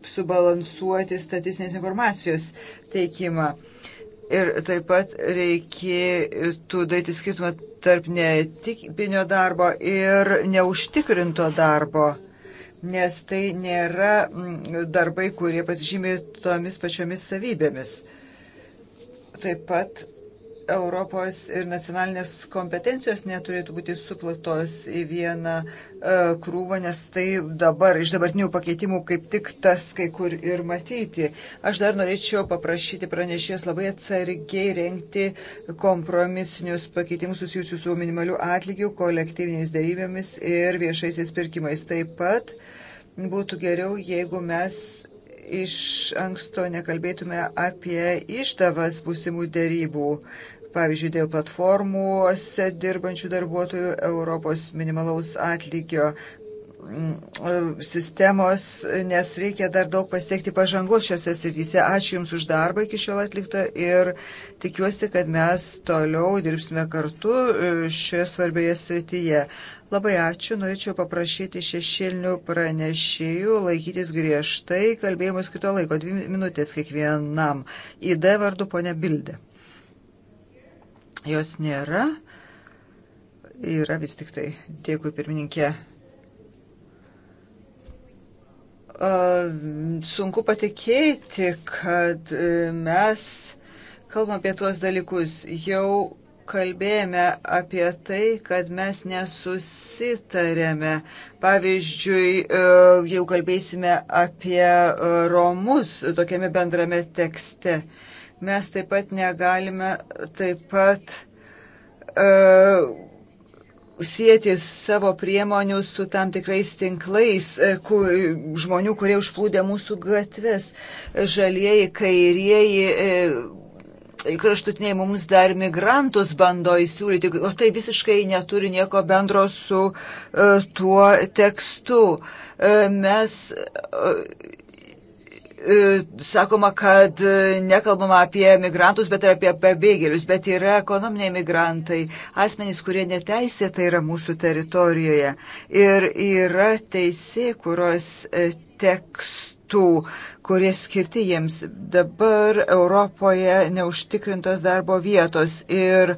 subalansuoti statistinės informacijos teikimą. Ir taip pat reikėtų daryti skirtumą tarp netikpinio darbo ir neužtikrinto darbo, nes tai nėra mm, darbai, kurie pasižymė tomis pačiomis savybėmis. Taip pat Europos ir nacionalinės kompetencijos neturėtų būti suplatos į vieną e, krūvą, nes tai dabar iš dabartinių pakeitimų kaip tik tas kai kur ir matyti. Aš dar norėčiau paprašyti pranešės labai atsargiai renkti kompromisinius pakeitimus susijusius su minimaliu atlygiu, kolektyviniais dėrybėmis ir viešaisiais pirkimais. Taip pat būtų geriau, jeigu mes iš anksto nekalbėtume apie išdavas būsimų dėrybų. Pavyzdžiui, dėl platformuose dirbančių darbuotojų Europos minimalaus atlygio mm, sistemos, nes reikia dar daug pasiekti pažangos šiuose srityse. Ačiū Jums už darbą iki šiol atliktą ir tikiuosi, kad mes toliau dirbsime kartu e, šioje svarbioje srityje. Labai ačiū, norėčiau paprašyti šešėlinių pranešėjų laikytis griežtai kalbėjimo skirto laiko, dvi minutės kiekvienam. ID vardu ponia Bildė. Jos nėra, yra vis tik tai. Dėkui pirmininkė. Sunku patikėti, kad e, mes kalbam apie tuos dalykus. Jau kalbėjome apie tai, kad mes nesusitarėme. Pavyzdžiui, e, jau kalbėsime apie e, Romus tokiame bendrame tekste. Mes taip pat negalime taip pat uh, sieti savo priemonių su tam tikrais tinklais kur, žmonių, kurie užplūdė mūsų gatves. Žalieji, kairieji. Uh, kraštutiniai mums dar migrantus bando įsiūlyti, o tai visiškai neturi nieko bendro su uh, tuo tekstu. Uh, mes. Uh, Sakoma, kad nekalbama apie migrantus, bet ir apie pabėgėlius, bet yra ekonominiai migrantai, asmenys, kurie neteisėtai yra mūsų teritorijoje. Ir yra teisė, kurios tekst tų, kurie skirti jiems. Dabar Europoje neužtikrintos darbo vietos ir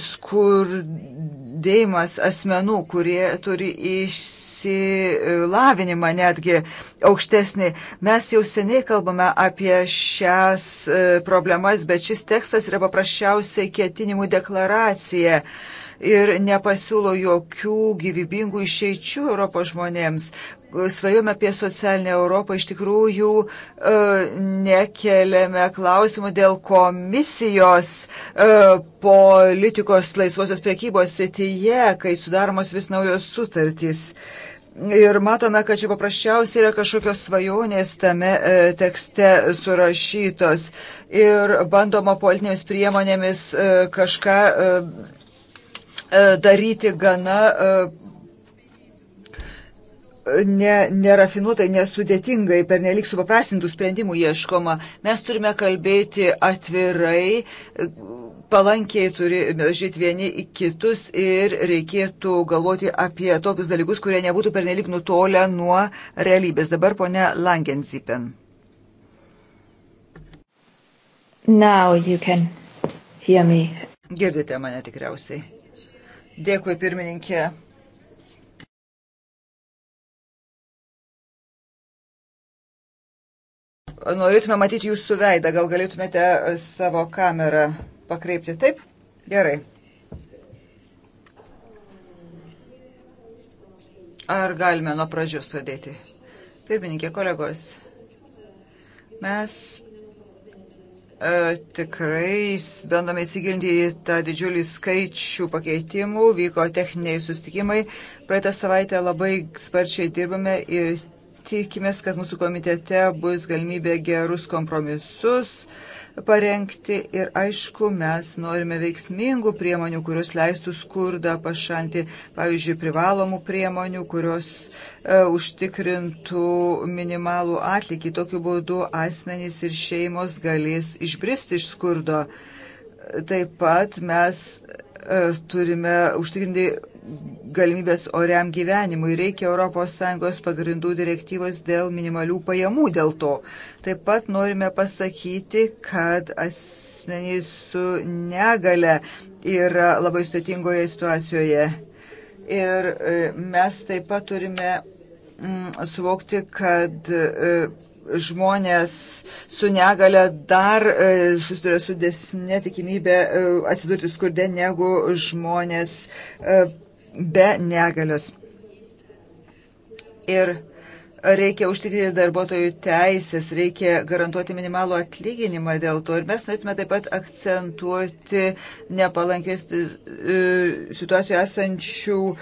skurdėjimas asmenų, kurie turi išsilavinimą netgi aukštesnį. Mes jau seniai kalbame apie šias e, problemas, bet šis tekstas yra paprasčiausiai ketinimų deklaracija ir nepasiūlo jokių gyvybingų išeičių Europos žmonėms. Svajome apie socialinę Europą, iš tikrųjų e, nekeliame klausimų dėl komisijos e, politikos laisvosios priekybos srityje, kai sudaromos vis naujos sutartys. Ir matome, kad čia paprasčiausiai yra kažkokios svajonės tame e, tekste surašytos ir bandoma politinėmis priemonėmis e, kažką e, E, daryti gana e, ne, nerafinuotai, nesudėtingai, per nelik supaprastintų sprendimų ieškoma. Mes turime kalbėti atvirai, e, palankiai turi žiūrėti vieni į kitus ir reikėtų galvoti apie tokius dalykus, kurie nebūtų per nelik nutolę nuo realybės. Dabar ponia Langenzipen. Girdite mane tikriausiai. Dėkui, pirmininkė. Norėtume matyti jūsų veidą, gal galėtumėte e, savo kamerą pakreipti taip? Gerai. Ar galime nuo pradžios pradėti? Pirmininkė, kolegos, mes E, tikrai bandome įsigilinti į tą didžiulį skaičių pakeitimų, vyko techniniai sustikimai. Praeitą savaitę labai sparčiai dirbame ir tikimės, kad mūsų komitete bus galimybė gerus kompromisus uh, parengti ir aišku, mes norime veiksmingų priemonių, kurios leistų skurdą pašalinti, pavyzdžiui, privalomų priemonių, kurios e, užtikrintų minimalų atlikį. Tokiu būdu asmenys ir šeimos galės išbristi iš skurdo. Taip pat mes e, turime užtikrinti galimybės oriam gyvenimui. Reikia ES pagrindų direktyvos dėl minimalių pajamų dėl to. Taip pat norime pasakyti, kad asmenys su negale yra labai sudėtingoje situacijoje. Ir e, mes taip pat turime mm, suvokti, kad e, žmonės su negale dar e, susiduria su desne tikimybė atsidurti skurde negu žmonės be negalios. Ir reikia užtikrinti darbuotojų teisės, reikia garantuoti minimalų atlyginimą dėl to. Ir mes norėtume taip pat akcentuoti nepalankės e, situacijų esančių e,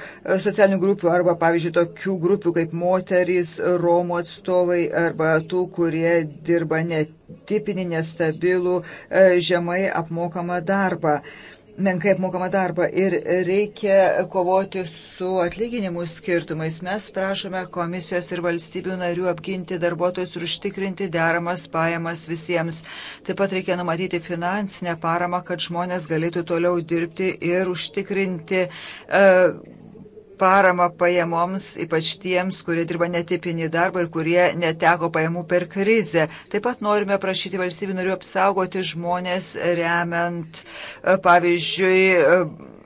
socialinių grupių arba, pavyzdžiui, tokių grupių kaip moterys, Romų atstovai arba tų, kurie dirba netipinį, nestabilų, e, žemai apmokamą darbą. Uh, menkai apmokamą darbą ir reikia kovoti su atlyginimų skirtumais. Mes prašome komisijos ir valstybių narių apginti darbuotojus ir užtikrinti deramas pajamas visiems. Taip pat reikia numatyti finansinę paramą, kad žmonės galėtų toliau dirbti ir užtikrinti. Uh, paramą pajamoms, ypač tiems, kurie dirba netipinį darbą ir kurie neteko pajamų per krizę. Taip pat norime prašyti valstybių narių apsaugoti žmonės, remiant, e, pavyzdžiui, e,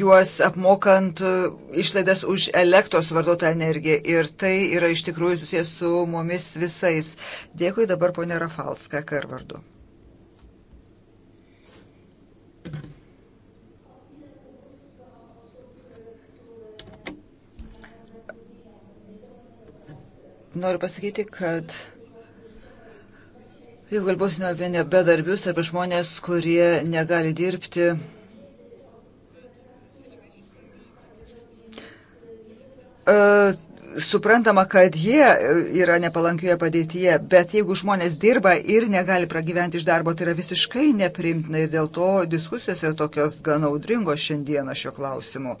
juos apmokant e, išlaidas už elektros vartotą energiją. Ir tai yra iš tikrųjų susijęs su mumis visais. Dėkui dabar ponė Rafalska Karvardu. Noriu pasakyti, kad jeigu kalbosime apie bedarbius arba žmonės, kurie negali dirbti, e, suprantama, kad jie yra nepalankioje padėtyje, bet jeigu žmonės dirba ir negali pragyventi iš darbo, tai yra visiškai neprimtina ir dėl to diskusijos yra tokios gan audringos šiandieną šio klausimu.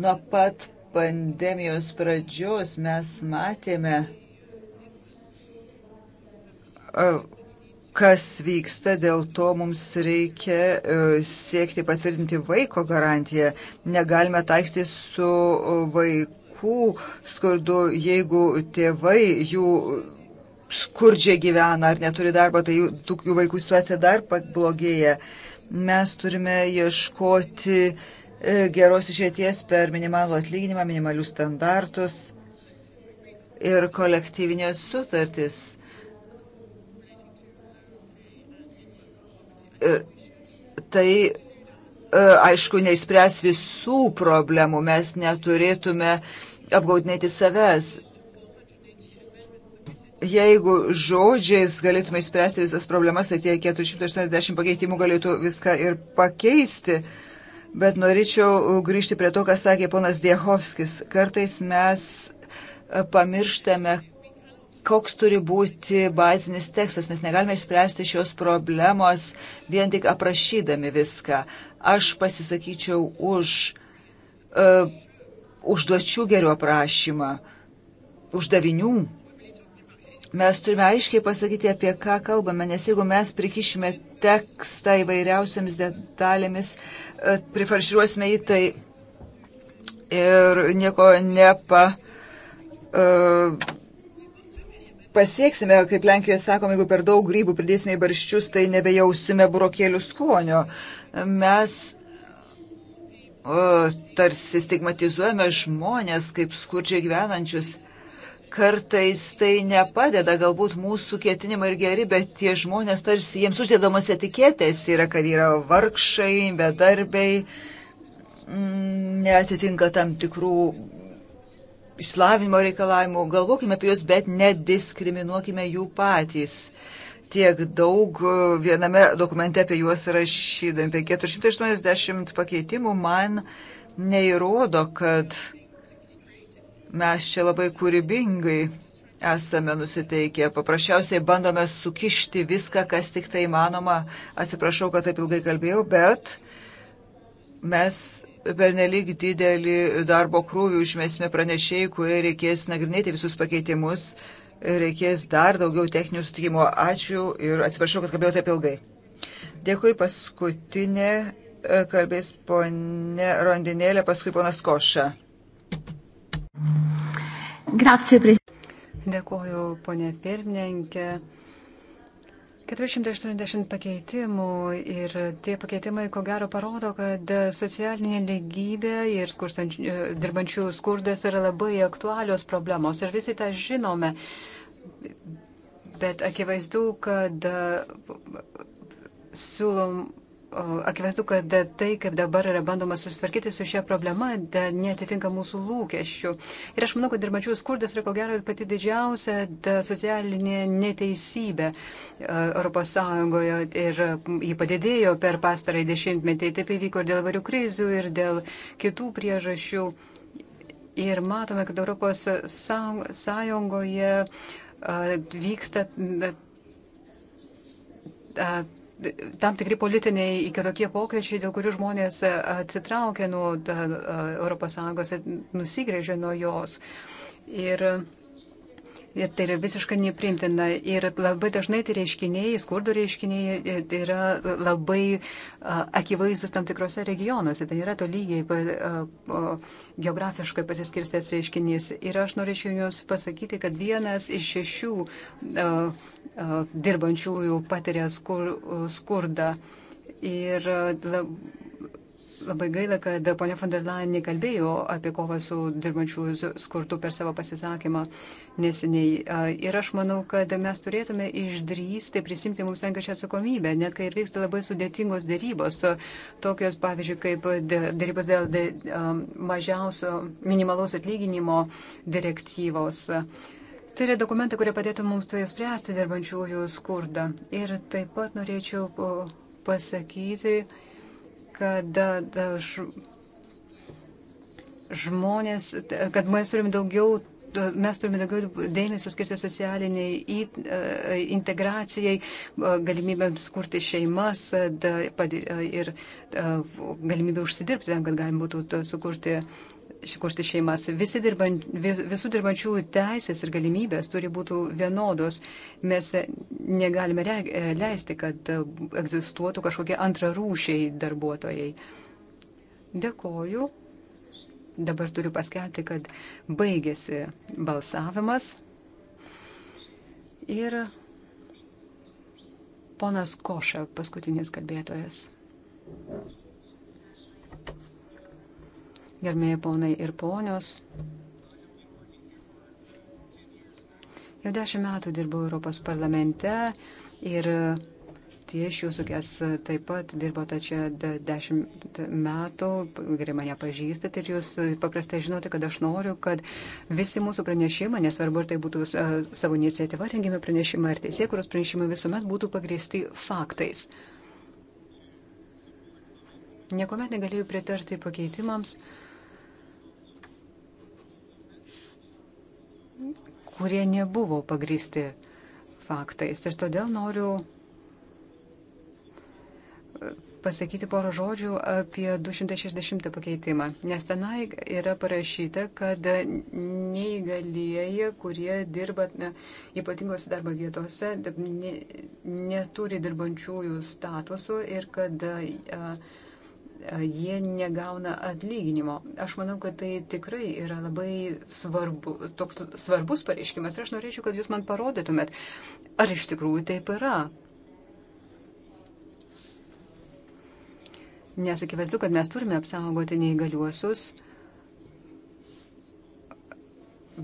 Nuo pat pandemijos pradžios mes matėme, kas vyksta, dėl to mums reikia e, siekti patvirtinti vaiko garantiją. Negalime taikstyti su vaikų skurdu, jeigu tėvai jų skurdžiai gyvena ar neturi darbo, tai jų, jų vaikų situacija dar pablogėja. Mes turime ieškoti uh, E, geros išėties per minimalų atlyginimą, minimalius standartus ir kolektyvinės sutartis. Ir tai, e, aišku, neįspręs visų problemų, mes neturėtume apgaudinėti savęs. Jeigu žodžiais galėtume įspręsti visas problemas, tai tie 480 pakeitimų galėtų viską ir pakeisti. Uh, Bet norėčiau uh, grįžti prie to, ką sakė ponas Diehovskis. Kartais mes uh, pamirštame, koks turi būti bazinis tekstas. Mes negalime išspręsti šios problemos vien tik aprašydami viską. Aš pasisakyčiau už uh, užduočių geriau aprašymą, uždavinių Mes turime aiškiai pasakyti, apie ką kalbame, nes jeigu mes prikišime tekstą įvairiausiamis detalėmis, e, prifarširuosime į tai ir nieko nepa. Uh, pasieksime, kaip Lenkijoje sakome, jeigu per daug grybų pridėsime į barščius, tai nebejausime burokėlių skonio. Mes uh, tarsi stigmatizuojame žmonės kaip skurdžiai gyvenančius kartais tai nepadeda, galbūt mūsų ketinimai ir geri, bet tie žmonės tarsi jiems uždėdamos etiketės yra, kad yra vargšai, bedarbiai, mm, netitinka tam tikrų išslavinimo reikalavimų. Galvokime apie juos, bet nediskriminuokime jų patys. Tiek daug e, viename dokumente apie juos rašydami, apie 480 pakeitimų man neįrodo, kad Mes čia labai kūrybingai esame nusiteikę. Paprasčiausiai bandome sukišti viską, kas tik tai manoma. Atsiprašau, kad taip ilgai kalbėjau, bet mes pernelyg didelį darbo krūvį užmėsime pranešėjai, kurie reikės nagrinėti visus pakeitimus, reikės dar daugiau techninių sutikimo. Ačiū ir atsiprašau, kad kalbėjau taip ilgai. Dėkui, paskutinė e, kalbės ponė Rondinėlė, paskui ponas Koša. Grazie, Dėkuoju, ponė pirmininkė. 480 pakeitimų ir tie pakeitimai, ko gero, parodo, kad socialinė lygybė ir e, dirbančių skurdas yra labai aktualios problemos ir visi tą žinome. Bet akivaizdu, kad e, siūlom akivaizdu, kad tai, kaip dabar yra bandoma susitvarkyti su šia problema, netitinka mūsų lūkesčių. Ir aš manau, kad dirbančiųjų skurdas yra ko gero pati didžiausia socialinė neteisybė ES ir jį padidėjo per pastarąjį dešimtmetį. Taip įvyko ir dėl varių krizių, ir dėl kitų priežasčių. Ir matome, kad ES e, vyksta. A, tam tikri politiniai kitokie pokyčiai, dėl kurių žmonės e, atsitraukia nuo ES, e, nusigrėžia nuo jos. Ir Ir tai yra visiškai neprimtina. Ir labai dažnai tai reiškiniai, skurdo reiškiniai, e, tai yra labai akivaizdus tam tikrose regionuose. Tai yra to lygiai geografiškai pasiskirstęs reiškinys. Ir aš norėčiau Jums pasakyti, kad vienas iš šešių dirbančiųjų patiria skur, skurdą. Ir lab, labai gaila, kad ponia von der Leyen nekalbėjo apie kovą su dirbančių skurdu per savo pasisakymą neseniai. Ir aš manau, kad mes turėtume išdrysti prisimti mums tenkačią atsakomybę, net kai ir vyksta labai sudėtingos dėrybos, tokios, pavyzdžiui, kaip dėrybos dėl dė, mažiausio minimalaus atlyginimo direktyvos. Tai yra dokumentai, kurie padėtų mums tai spręsti dirbančiųjų skurdą. Ir taip pat norėčiau pasakyti, kad žmonės, kad mes turime daugiau mes turime daugiau dėmesio skirti socialiniai e, integracijai, e, galimybėms kurti šeimas e, ir galimybę užsidirbti, kad galima būtų sukurti kurti šeimas. Visi dirban, vis, visų dirbančių teisės ir galimybės turi būti vienodos. Mes negalime re, e, leisti, kad e, egzistuotų kažkokie antrarūšiai darbuotojai. Dėkoju. Dabar turiu paskelbti, kad baigėsi balsavimas. Ir ponas Koša, paskutinis kalbėtojas. Thank you gerbėjai ponai ir ponios. Jau dešimt metų dirbau Europos parlamente ir tie iš jūsų, kas taip pat dirbote čia dešimt metų, gerai mane pažįstate ir jūs paprastai žinote, kad aš noriu, kad visi mūsų pranešimai, nesvarbu ar tai būtų e, savo iniciatyva rengimi pranešimai ar teisėkuros pranešimai, visuomet būtų pagrįsti faktais. Niekuomet negalėjau pritarti pakeitimams, uh, kurie nebuvo pagristi faktais. Ir todėl noriu e, pasakyti porą žodžių apie 260 pakeitimą, nes tenai yra parašyta, kad neįgalieji, kurie dirba ne, ypatingose darbo vietose, ne, neturi dirbančiųjų statuso ir kad a, jie negauna atlyginimo. Aš manau, kad tai tikrai yra labai svarbu, toks svarbus pareiškimas ir aš norėčiau, kad jūs man parodytumėt, ar iš tikrųjų taip yra. Nes akivaizdu, kad mes turime apsaugoti neįgaliuosius,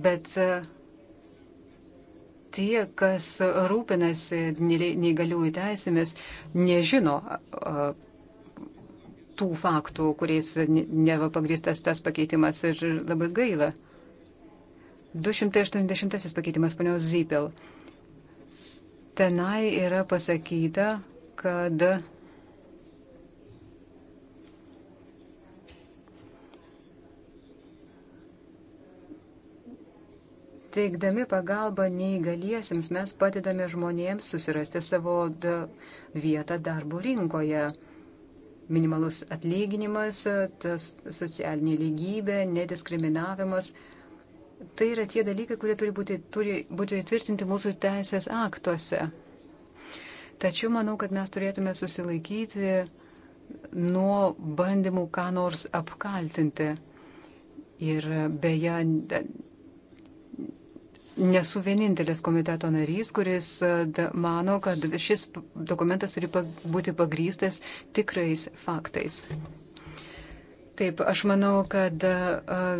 bet e, tie, kas rūpinasi neįgaliųjų teisėmis, nežino, e, tų faktų, kuriais neva pagristas tas pakeitimas ir labai gaila. 280 pakeitimas ponios Zypel. Tenai yra pasakyta, kad Teikdami pagalbą neįgaliesiems mes padedame žmonėms susirasti savo vietą darbo rinkoje minimalus atlyginimas, socialinė lygybė, nediskriminavimas. Tai yra tie dalykai, kurie turi būti, turi būti įtvirtinti mūsų teisės aktuose. Tačiau manau, kad mes turėtume susilaikyti nuo bandymų ką nors apkaltinti. Ir beje, nesu vienintelis komiteto narys, kuris e, mano, kad šis dokumentas turi būti pagrystas tikrais faktais. Taip, aš manau, kad e,